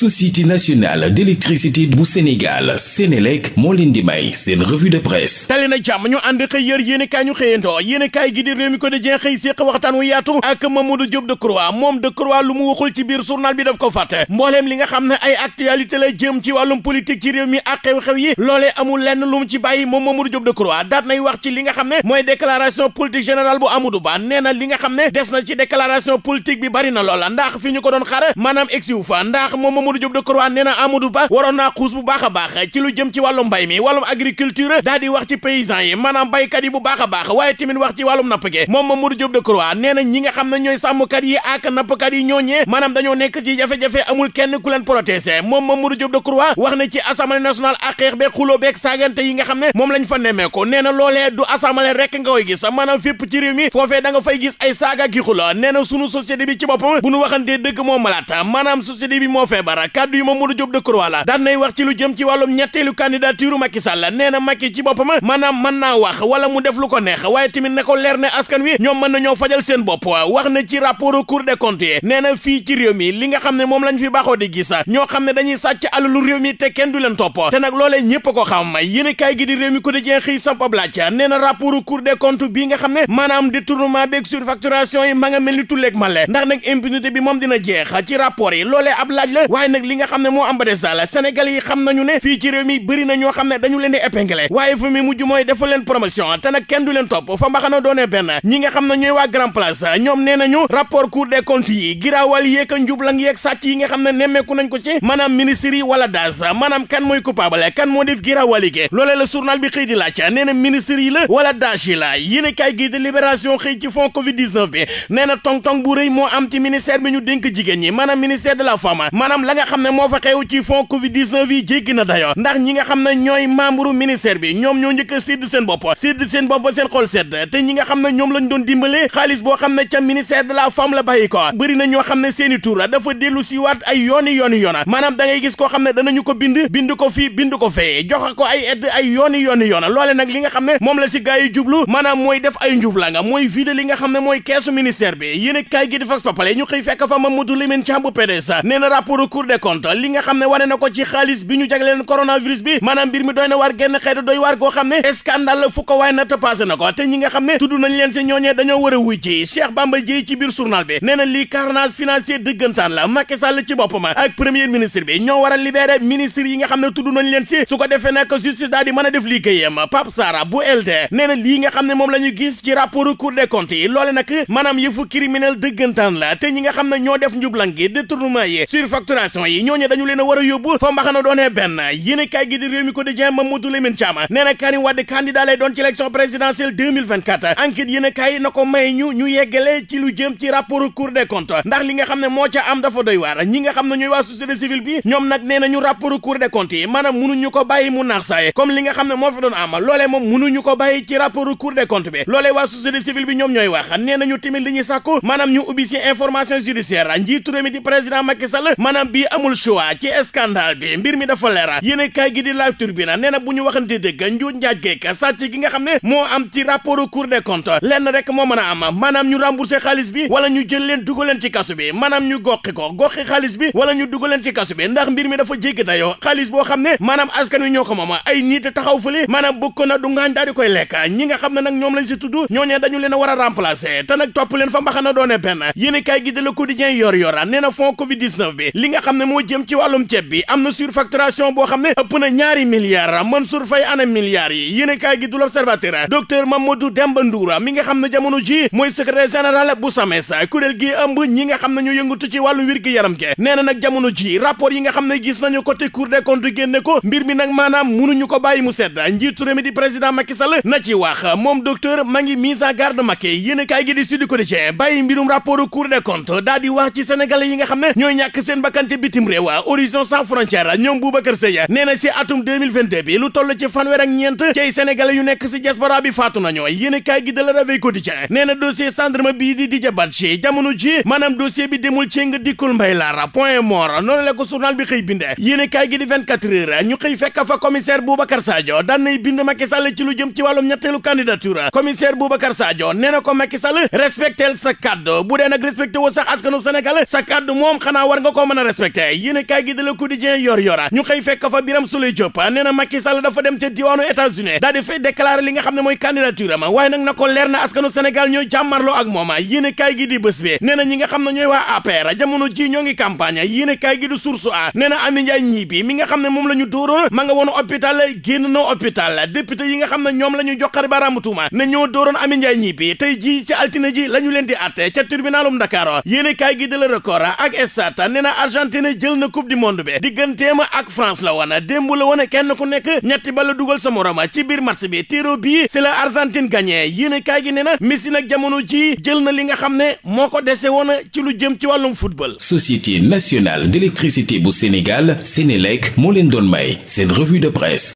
société nationale d'électricité bu Sénégal Sénélec moo leen di may seen revue de presse tali na ñu ànd xëy yër yéen i kaay ñu xëyandoo yéen i kaay réew mi ko di jeex xëy séq waxtaan wu yaatu ak Mamadou Diop Decroix moom Decroix lu mu waxul ci biir journal bi daf ko fàtte mbooleem li nga xam ne ay actualité la jëm ci wàllum politique ci réew mi ak xew-xew yi loolee amul lenn lu mu ci bàyyi moom Mamadou Diop Decroix daat nay wax ci li nga xam ne mooy na li nga Mamadou Diop Decroix na xuus bu baax a baax jëm ci wàllum mbay mi wàllum agriculture daal di wax ci paysans yi maanaam baykat yi bu baax a baax waaye tamit wax ci wàllum napp gi moom Mamadou Diop Decroix nee na ñi nga xam ne ñooy sàmmkat yi ak nappkat yi ñooñee maanaam dañoo nekk ci jafe-jafe amul kenn ku leen protéger moom Mamadou Diop Decroix wax na ci assemblée nationale ak xeex beeg xuloo beeg saagante yi xam ne moom lañ fa nemmeeku nee na loolee Camara kàddu yi Mamadou Diop Decroix la daan nay wax ci lu jëm ci wàllum ñetteelu candidature Macky Sall nee na Macky ci boppama maanaam mën naa wax wala mu def lu ko neex waaye tamit ne ko leer ne askan wi ñoom mën na ñoo fajal seen bopp wax na ci rapport Cour des comptes yi nee fii ci réew mi li nga xam ne moom lañ fi baaxoo di gis ñoo xam ne dañuy sàcc alalu réew mi te kenn du leen topp te nag loole ñépp ko xam ma kaay gi di réew mi ko di jeex xëy na rapport Cour des bi nga xam ne maanaam détournement beeg surfacturation yi ma nga mel ni tulleeg male ndax nag impunité bi moom dina jeex ci rapport yi loolee ab laaj la nag li nga xam ne moo am ba des daal sénégalais yi xam nañu ne fii mi bëri na ñoo xam ne dañu leen di épinglé waaye fa mi mujj mooy defa leen promotion te nag kenn du leen topp fa mbaxana doonee benn ñi nga xam ne ñooy waa grand place ñoom nee nañu rapport cour des comptes yi giraawal yeeg njublang yeeg sàcc yi nga xam ne nemmeeku nañ ko ci maanaam ministres yi wala daas maanaam kan mooy coupable kan moo def giraawal yi loolee la journal bi xëy di bu rëy moo am ci ministère bi nga xam ne moo fa xew ci fond covid 19 yi jéggi na dayo ndax ñi nga xam ne ñooy membre ministère bi ñoom ñoo njëkk a sédd seen bopp sédd seen bopp ba seen xol sedd te ñi nga xam ne ñoom lañ doon dimbalee xaalis boo xam ne ca ministère de la femme la bàyyi ko bëri na ñoo xam ne seen i tuura dafa dellu si waat ay yooni yooni yoona maanaam da ngay gis koo xam ne danañu ko bind bind ko fii bind ko fee jox ko ay aide ay yooni yooni yoona loole nag li nga xam ne moom la si gaay yi jublu maanaam mooy def ay njubla nga mooy vide li nga xam ne mooy keesu ministère bi yéen a kaay gi di fas papale ñu xëy fekk fa Mamadou Limine Thiam cour nga xam ne wane na ko ci xaalis bi ñu jagleen coronavirus bi maanaam mbir doy na waar genn xeetu doy waar goo xam ne scandale la fu ko waaye natt na ko te ñi nga xam ne tudd nañ leen si ñooñee dañoo war a wuy ci Cheikh Bamba Dièye ci biir journal bi nee na lii carnage financier dëggantaan la Macky Sall ci boppam ak premier ministre bi ñoo war a libéré ministre yi nga xam ne tudd nañ leen si su ko defee nag justice daal def lii nga yi loole nomination yi ñooñu dañu leen a war a yóbbu fa mbaxana doonee benn yéen kaay gi di réew mi quotidien Mamadou Lamine Thiam nee na Karim Wade candidat lay doon ci élection présidentielle 2024 enquête yéen na ko may ñu ñu yeggale ci lu jëm ci rapport cour des comptes ndax li nga xam ne moo ca am dafa doy waar ñi nga xam ne ñooy waa société civile bi ñoom nag nee ñu rapport cour des comptes yi maanaam mënuñu ko bàyyi mu naax saay comme li nga xam ne moo fi doon am loolee ñu ubbi si information judiciaire njiitu réew mi di président Macky Sall maanaam bi di amul choix ci scandale bi mbir mi dafa leera yéen kaay gi di Live Tribune nee na bu ñu waxante dëgg njuuj njaaj geek sàcc gi nga xam ne moo am ci rapport Cour des comptes lenn rek moo mën a am maanaam ñu remboursé xaalis bi wala ñu jël leen dugal leen ci kasu bi maanaam ñu goqi ko goqi xaalis bi wala ñu dugal leen ci kasu bi ndax mbir mi dafa jéggi dayoo xaalis boo xam ne maanaam askan wi ñoo ko moom ay nit taxaw fële maanaam bëgg na du ngaañ daal di koy lekk ñi nga xam ne nag ñoom lañ si leen war a remplacer te nag topp leen fa mbaxana doone benn yéen kaay gi di Le Quotidien yor xam ne moo jëm ci wàllum ceeb bi am na surfacturation boo xam ne ëpp na ñaari milliards Mansour Faye ana milliards yi yéen a kaay gi du l'Observateur docteur Mamadou Demba Ndoura mi nga xam ne jamono ji mooy secrétaire général bu SAMES kuréel gi ëmb ñi nga xam na ñu yëngatu ci wàllu wér gi yaram ke nee na nag jamono ji rapport yi nga xam ne gis nañu côté Cour des comptes génne ko mbir mi nag maanaam munuñu ko bàyyi mu sedd njiitu réew di président Macky Sall na ci wax moom docteur ma ngi mise en garde Macky yéen a kaay gi di Sud Quotidien bàyyi mbirum rapport Cour des yi nga xam ne ñooy ñàkk seen bakkan bitim réew wa ah, Horizon sans frontières ñoom Boubacar Seye nee na si atum 2022 bi lu toll ci fanweer ak ñeent cay sénégalais yu nekk si diaspora bi faatu nañu yéen kaay gi de la Réveil Quotidien nee na dossier gendarme bii di Didier Badji jamono ji maanaam dossier bi demul ci nga dikkul mbay laara point mort noonu la ko journal bi xëy binde yéen kaay gi di 24 heures ñu xëy fekk fa commissaire Boubacar Sadio daan nay bind Macky Sall ci lu jëm ci wàllum yëglekaay yéenekaay gi de Le Quotidien yor ñu xëy fekk fa Birame Souleye Diop nee na dafa dem ca diwaanu États-Unis daal di li nga xam ne mooy candidature am waaye nag na ko leer na askanu Sénégal ñooy jàmmarloo ak moom yéenekaay gi di bés bi nee na ñi nga xam ne ñooy waa APR jamono ji ñoo ngi campagne yéenekaay gi di Source A nee na Amy Ndiaye Gniby mi nga xam ne moom la ñu dóoroon ma nga woon hôpital génn na hôpital député la ñu fekkoonte ne jël na coupe du monde bi ma ak France la woon démb la woon kenn ku nekk ñetti bala dugal sa morom ci biir match bi tiro bii si la Argentine gagné yéen a kaay gi nee na Messi nag jamono ci jël na li nga xam ne moo ko dese woon ci lu jëm ci wàllum football. Société nationale d'électricité bu Sénégal Sénélec moo leen doon may seen revue de presse.